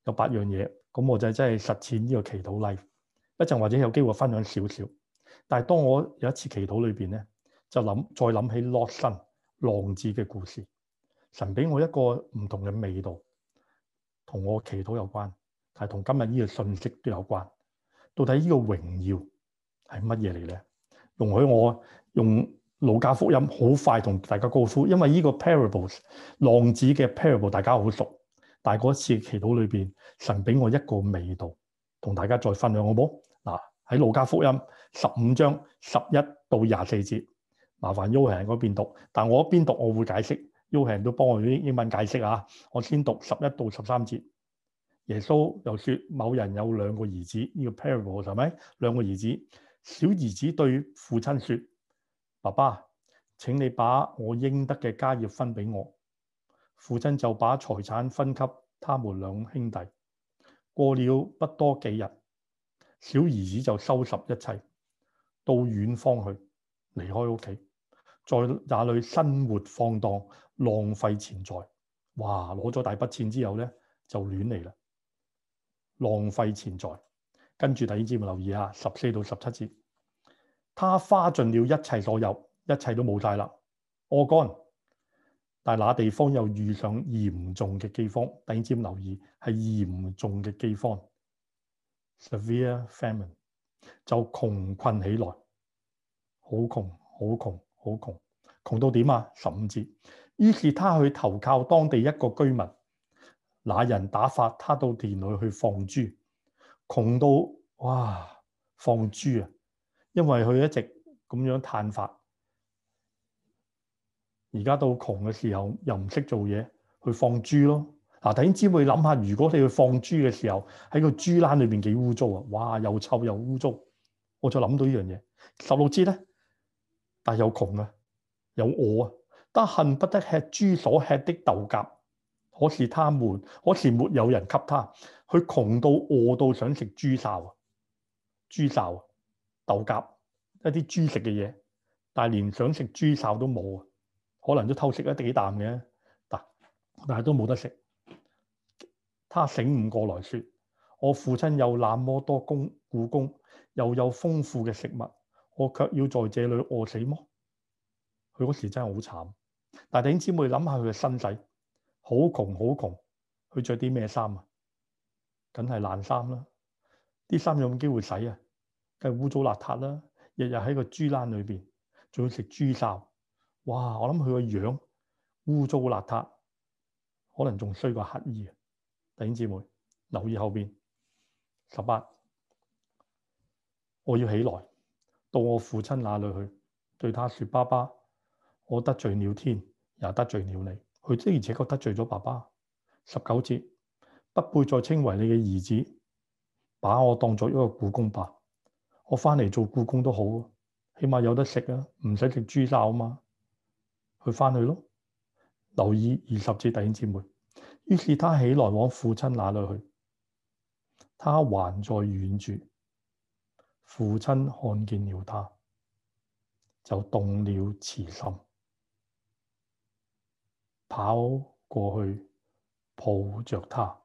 有八樣嘢。咁我就真係實踐呢個祈禱禮，一陣或者有機會分享少少。但係當我有一次祈禱裏邊咧，就諗再諗起羅生浪子嘅故事，神俾我一個唔同嘅味道，同我祈禱有關，係同今日呢個信息都有關。到底個榮呢個榮耀係乜嘢嚟咧？容許我用路加福音好快同大家告訴，因為呢個 parables 浪子嘅 parable 大家好熟。但係嗰一次祈禱裏邊，神俾我一個味道，同大家再分享好唔好？嗱，喺路加福音十五章十一到廿四節，麻煩 Yohan 嗰邊讀，但我一邊讀我會解釋，Yohan 都幫我用英文解釋啊。我先讀十一到十三節，耶穌又説某人有兩個兒子，呢、呢個 parable 係咪兩個兒子？小兒子對父親説：爸爸，請你把我應得嘅家業分俾我。父親就把財產分給他們兩兄弟。過了不多幾日，小兒子就收拾一切，到遠方去離開屋企，在那裏生活放蕩，浪費錢財。哇！攞咗大筆錢之後咧，就亂嚟啦，浪費錢財。跟住第二節，留意下十四到十七節，他花盡了一切所有，一切都冇晒啦，餓乾。但那地方又遇上嚴重嘅饑荒，頂尖留意係嚴重嘅饑荒 （severe famine），就窮困起來，好窮，好窮，好窮，窮到點啊？十五節，於是他去投靠當地一個居民，那人打發他到田裏去放豬。窮到哇，放豬啊！因為佢一直咁樣嘆發。而家到窮嘅時候，又唔識做嘢，去放豬咯。嗱、啊，突然之間會諗下，如果你去放豬嘅時候，喺個豬欄裏邊幾污糟啊！哇，又臭又污糟。我再諗到呢樣嘢，十六支咧，但係又窮啊，又餓啊，但恨不得吃豬所吃的豆莢。可是他們，可是沒有人給他。佢窮到餓到想食豬潲啊！豬潲啊，豆莢一啲豬食嘅嘢，但係連想食豬潲都冇啊！可能都偷食咗幾啖嘅，嗱，但係都冇得食。他醒悟過來，説：我父親有那麼多雇工，又有豐富嘅食物，我卻要在這裡餓死麼？佢嗰時真係好慘。但係點知我哋諗下佢嘅身世，好窮好窮，佢着啲咩衫啊？梗係爛衫啦，啲衫有冇機會洗啊？梗係污糟邋遢啦，日日喺個豬欄裏邊，仲要食豬潲。哇！我諗佢個樣污糟邋遢，可能仲衰過乞兒。弟兄姊妹，留意後邊十八，18，我要起來到我父親那裡去，對他說：爸爸，我得罪了天，也得罪了你。佢的而且確得罪咗爸爸。十九節，不配再稱為你嘅兒子，把我當做一個雇工吧。我返嚟做雇工都好，起碼有得食啊，唔使食豬潲啊嘛。去返去咯，留意二十次，弟兄姊妹。於是他起來往父親那裏去，他還在遠處。父親看見了他，就動了慈心，跑過去抱著他，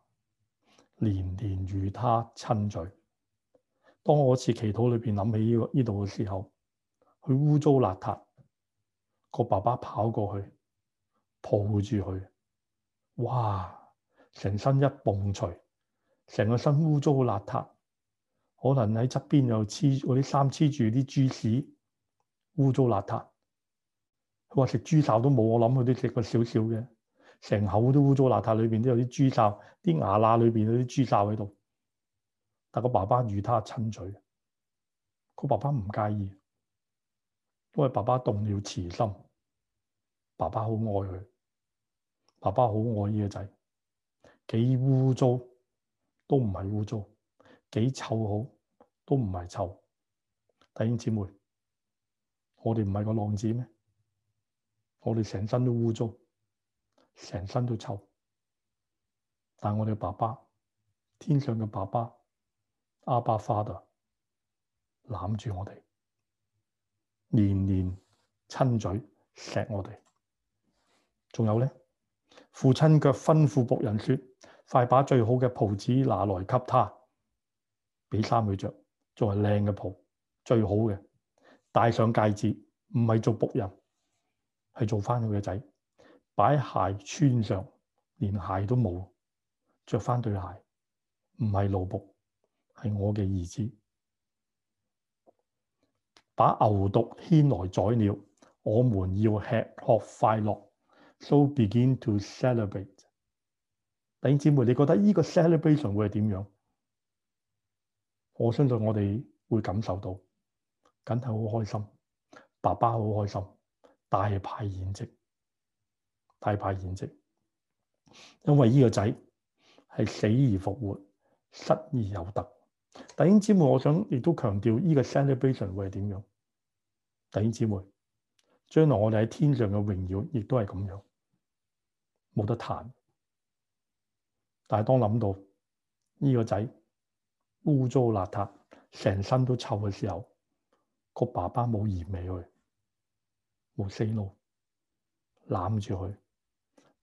連連與他親嘴。當我嗰次祈禱裏面諗起呢、這個呢度嘅時候，佢污糟邋遢。個爸爸跑過去抱住佢，哇！成身一蹦除，成個身污糟邋遢，可能喺側邊又黐嗰啲衫黐住啲豬屎，污糟邋遢。佢話食豬潲都冇，我諗佢都食過少少嘅，成口都污糟邋遢，裏邊都有啲豬潲，啲牙罅裏邊有啲豬潲喺度。但個爸爸與他親嘴，個爸爸唔介意，因為爸爸動了慈心。爸爸好愛佢，爸爸好愛呢個仔，幾污糟都唔係污糟，幾臭好都唔係臭。弟兄姊妹，我哋唔係個浪子咩？我哋成身都污糟，成身都臭，但我哋爸爸，天上嘅爸爸，阿爸，Father，攬住我哋，年年親嘴錫我哋。仲有咧，父親卻吩咐僕人説：快把最好嘅袍子拿來給他，俾衫去著，做係靚嘅袍，最好嘅。戴上戒指，唔係做僕人，係做翻佢嘅仔。擺鞋穿上，連鞋都冇，著翻對鞋，唔係奴僕，係我嘅兒子。把牛犢牽來宰了，我們要吃喝快樂。So begin to celebrate，弟兄姊妹，你覺得呢個 celebration 會係點樣？我相信我哋會感受到，緊係好開心，爸爸好開心，大派宴席，大派宴席，因為呢個仔係死而復活，失而有得。弟兄姊妹，我想亦都強調呢個 celebration 會係點樣？弟兄姊妹，將來我哋喺天上嘅榮耀亦都係咁樣。冇得彈，但係當諗到呢、這個仔污糟邋遢，成身都臭嘅時候，個爸爸冇嫌棄佢，冇死路攬住佢，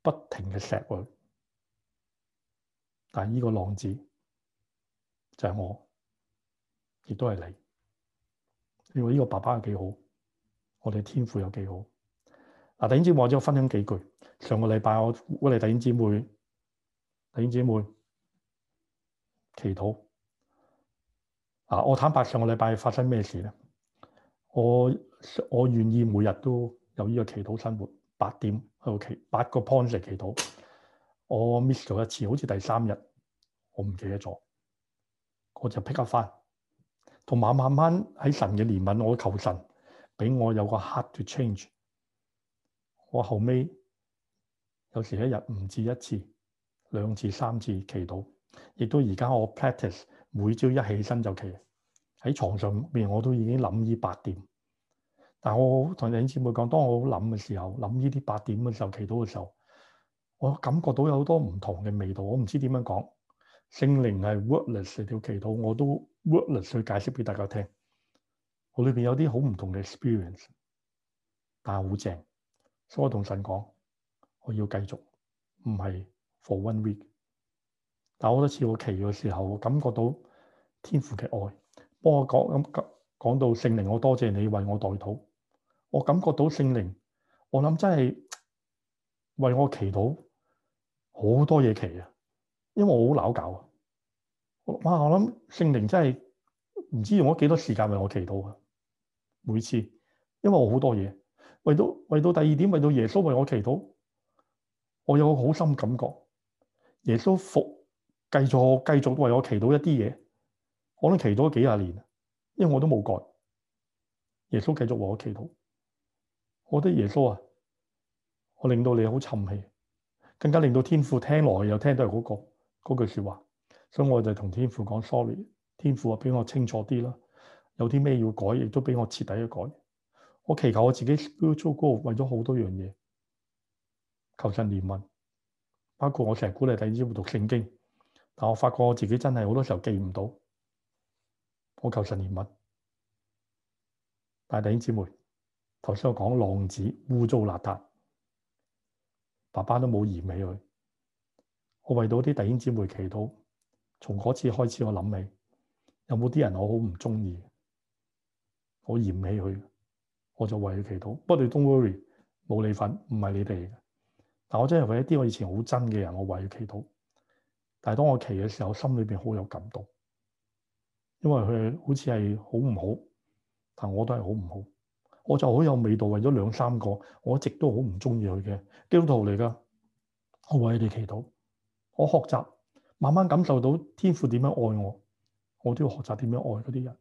不停嘅錫佢。但係呢個浪子就係、是、我，亦都係你。你話呢個爸爸有幾好，我哋嘅天父有幾好？嗱，弟兄姊妹，我想分享幾句。上個禮拜，我呼嚟弟兄姊妹、弟兄姊妹祈禱。嗱、啊，我坦白，上個禮拜發生咩事咧？我我願意每日都有呢個祈禱生活，八點去祈，八個 point 嚟祈禱。我 miss 咗一次，好似第三日，我唔記得咗，我就 pick up 返。同晚慢慢喺神嘅憐憫，我求神俾我有個 heart to change。我後尾，有時一日唔止一次、兩次、三次祈禱，亦都而家我 practice 每朝一起身就祈喺床上邊，我都已經諗呢八點。但係我同啲姐妹講，當我好諗嘅時候，諗呢啲八點嘅時候祈禱嘅時候，我感覺到有好多唔同嘅味道，我唔知點樣講。聖靈係 wordless 條祈禱，我都 wordless 去解釋俾大家聽。我裏邊有啲好唔同嘅 experience，但係好正。所以我同神講，我要繼續，唔係 for one week。但好多次我祈嘅時候，我感覺到天父嘅愛，幫我講到聖靈，我多謝你為我代禱。我感覺到聖靈，我諗真係為我祈禱好多嘢祈啊，因為我好鬧交啊。我諗聖靈真係唔知用咗幾多時間為我祈禱啊，每次，因為我好多嘢。為到為到第二點，為到耶穌為我祈禱，我有個好深感覺，耶穌服繼續繼，繼，繼為我祈禱一啲嘢，我都祈禱了幾十年，因為我都冇改，耶穌繼續為我祈禱，我覺得耶穌啊，我令到你好沉氣，更加令到天父聽來又聽到係嗰句說話，所以我就同天父講 sorry，天父啊，俾我清楚啲啦，有啲咩要改，亦都俾我徹底去改。我祈求我自己標租高，為咗好多樣嘢求神憐憫，包括我成日鼓勵弟兄姊妹讀聖經，但我發覺我自己真係好多時候記唔到。我求神憐憫，但係弟兄姊妹頭先我講浪子污糟邋遢，爸爸都冇嫌棄佢。我為到啲弟兄姊妹祈禱，從嗰次開始我諗起，有冇啲人我好唔鍾意，我嫌棄佢。我就為佢祈禱，不過你 don't worry，冇你份，唔係你哋嘅。但我真係為一啲我以前好憎嘅人，我為佢祈禱。但係當我祈嘅時候，我心裏面好有感動，因為佢好似係好唔好，但我都係好唔好。我就好有味道，為咗兩三個，我一直都好唔中意佢嘅基督徒嚟㗎。我為佢哋祈禱，我學習慢慢感受到天父點樣愛我，我都要學習點樣愛嗰啲人。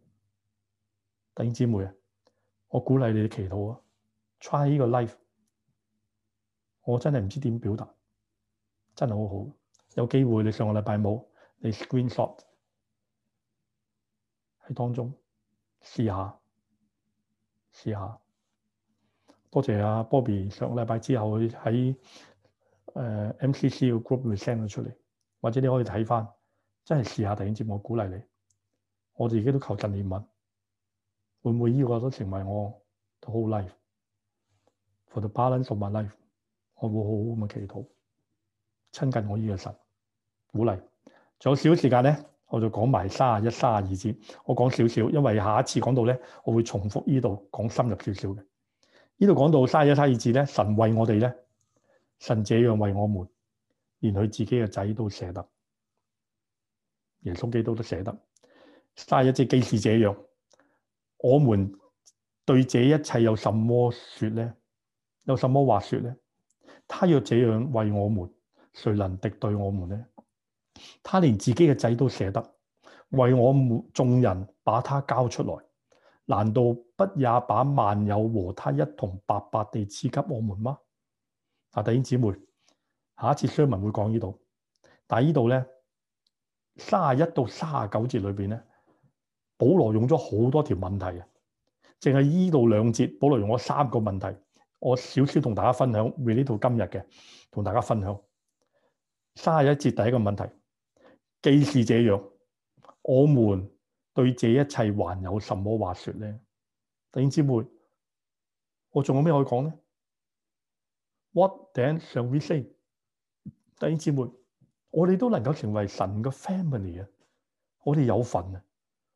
弟兄姊妹啊！我鼓勵你哋祈禱啊，try 呢個 life，我真係唔知點表達，真係好好。有機會你上個禮拜冇，你 screen shot 喺當中試下，試下。多謝啊 Bobby 上個禮拜之後喺誒、呃、MCC 嘅 group resend 咗出嚟，或者你可以睇翻，真係試下突然節目。我鼓勵你，我自己都求進念問。會唔會依個都成為我 whole life，for the balance of my life？我會好好咁祈禱，親近我依個神，鼓勵。仲有少時間呢，我就講埋三十一、三十二節。我講少少，因為下一次講到呢，我會重複依度講深入少少嘅。依度講到三十一、三十二節呢，神為我哋呢，神這樣為我們，連佢自己嘅仔都捨得。耶穌基督都捨得。三十一節既是這樣。我們對這一切有什麼說呢？有什麼話說呢？他若這樣為我們，誰能敵對我們呢？他連自己嘅仔都捨得為我們眾人把他交出來，難道不也把萬有和他一同白白地賜給我們嗎？啊，弟兄姊妹，下一次商文會講呢度，但呢度咧，三十一到三十九節裏邊咧。保羅用咗好多條問題嘅，淨係呢度兩節，保羅用咗三個問題，我少少同大家分享，未呢度今日嘅同大家分享。三十一節第一個問題，既是這樣，我們對這一切還有甚麽話說呢？弟兄姊妹，我仲有咩可以講呢？What then shall we say？弟兄姊妹，我哋都能夠成為神嘅 family 啊，我哋有份啊！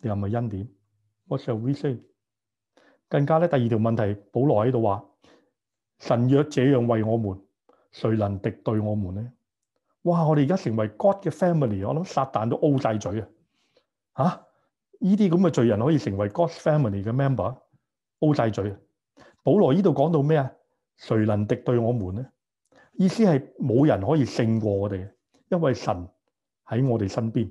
你係咪恩典？What shall we say？更加咧，第二條問題，保羅喺度話：神若這樣為我們，誰能敵對我們咧？哇！我哋而家成為 God 嘅 family，我諗撒旦都嘔晒嘴啊！嚇，呢啲咁嘅罪人可以成為 God's family 嘅 member，嘔晒嘴。啊！保羅呢度講到咩啊？誰能敵對我們咧？意思係冇人可以勝過我哋，因為神喺我哋身邊。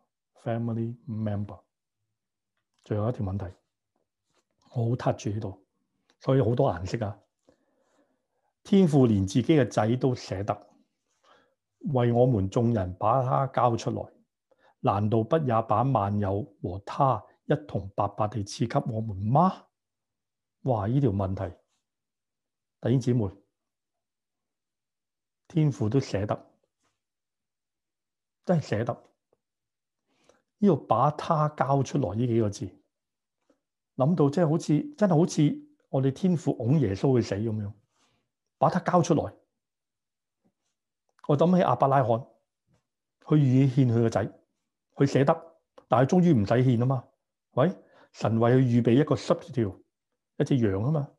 Family member，最後一條問題，我好 touch 住喺度，所以好多顏色啊！天父連自己嘅仔都捨得，為我們眾人把他交出來，難道不也把萬有和他一同白白地賜給我們嗎？哇！呢條問題，弟兄姊妹，天父都捨得，真係捨得。呢個把他交出來呢幾個字，諗到即係好似真係好似我哋天父拱耶穌去死咁樣，把他交出來。我諗起阿伯拉罕，佢願意獻佢個仔，佢捨得，但係終於唔使獻啊嘛。喂，神為佢預備一個 substitute，一隻羊啊嘛。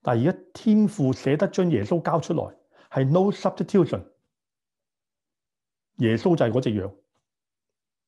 但係而家天父捨得將耶穌交出來，係 no substitution，耶穌就係嗰隻羊。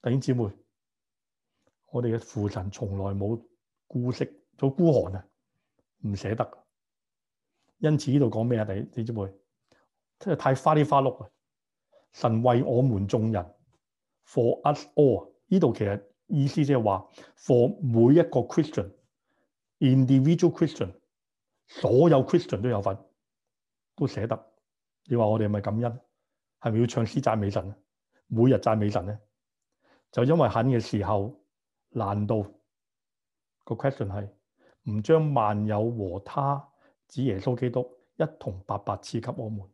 弟兄姊妹，我哋嘅父神從來冇姑息，好孤寒啊，唔捨得。因此呢度講咩啊？弟兄姊妹，真係太花里花碌啊！神為我們眾人，for us all，呢度其實意思即係話，for 每一個 Christian，individual Christian，所有 Christian 都有份，都捨得。你話我哋係咪感恩？係咪要唱詩讚美神啊？每日讚美神咧？就因為狠嘅時候難道個 question 係唔將萬有和他指耶穌基督一同白白賜給我們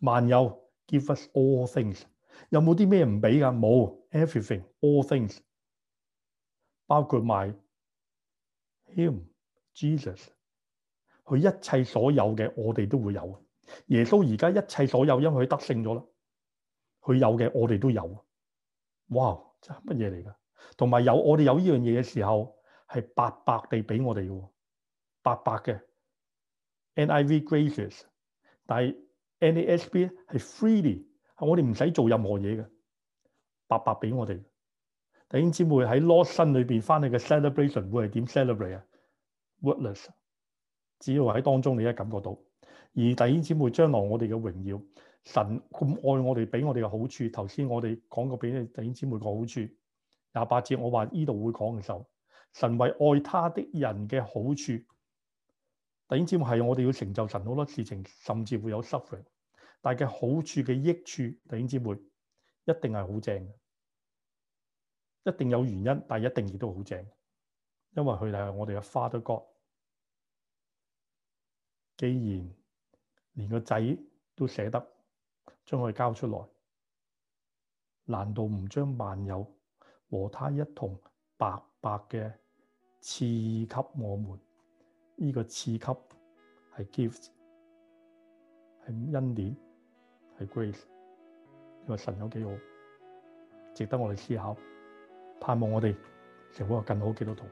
萬有 give us all things 有冇啲咩唔俾噶冇 everything all things 包括埋 him Jesus 佢一切所有嘅我哋都會有耶穌而家一切所有因為佢得勝咗啦佢有嘅我哋都有哇！即乜嘢嚟噶？同埋有我哋有呢樣嘢嘅時候，係白白地俾我哋嘅，白白嘅。NIV gracious，但係 NASB 咧，係 freely，係我哋唔使做任何嘢嘅，白白俾我哋。弟兄姐妹喺 Lord 身裏邊翻去嘅 celebration 會係點 celebrate 啊？wordless，只要喺當中你一感覺到，而弟兄姐妹將來我哋嘅榮耀。神咁愛我哋，俾我哋嘅好處。頭先我哋講過俾弟兄姊妹個好處廿八節，節，我話呢度會講嘅時候，神為愛他的人嘅好處，弟兄姊妹係我哋要成就神好多事情，甚至會有 suffering，但係嘅好處嘅益處，弟兄姊妹一定係好正，一定有原因，但係一定亦都好正，因為佢哋係我哋嘅 Father God。既然連個仔都捨得。將佢交出來，難道唔將萬有和他一同白白嘅賜給我們？呢、這個賜給係 gift，係恩典，係 grace。因為神有幾好，值得我哋思考，盼望我哋成為更好基督徒。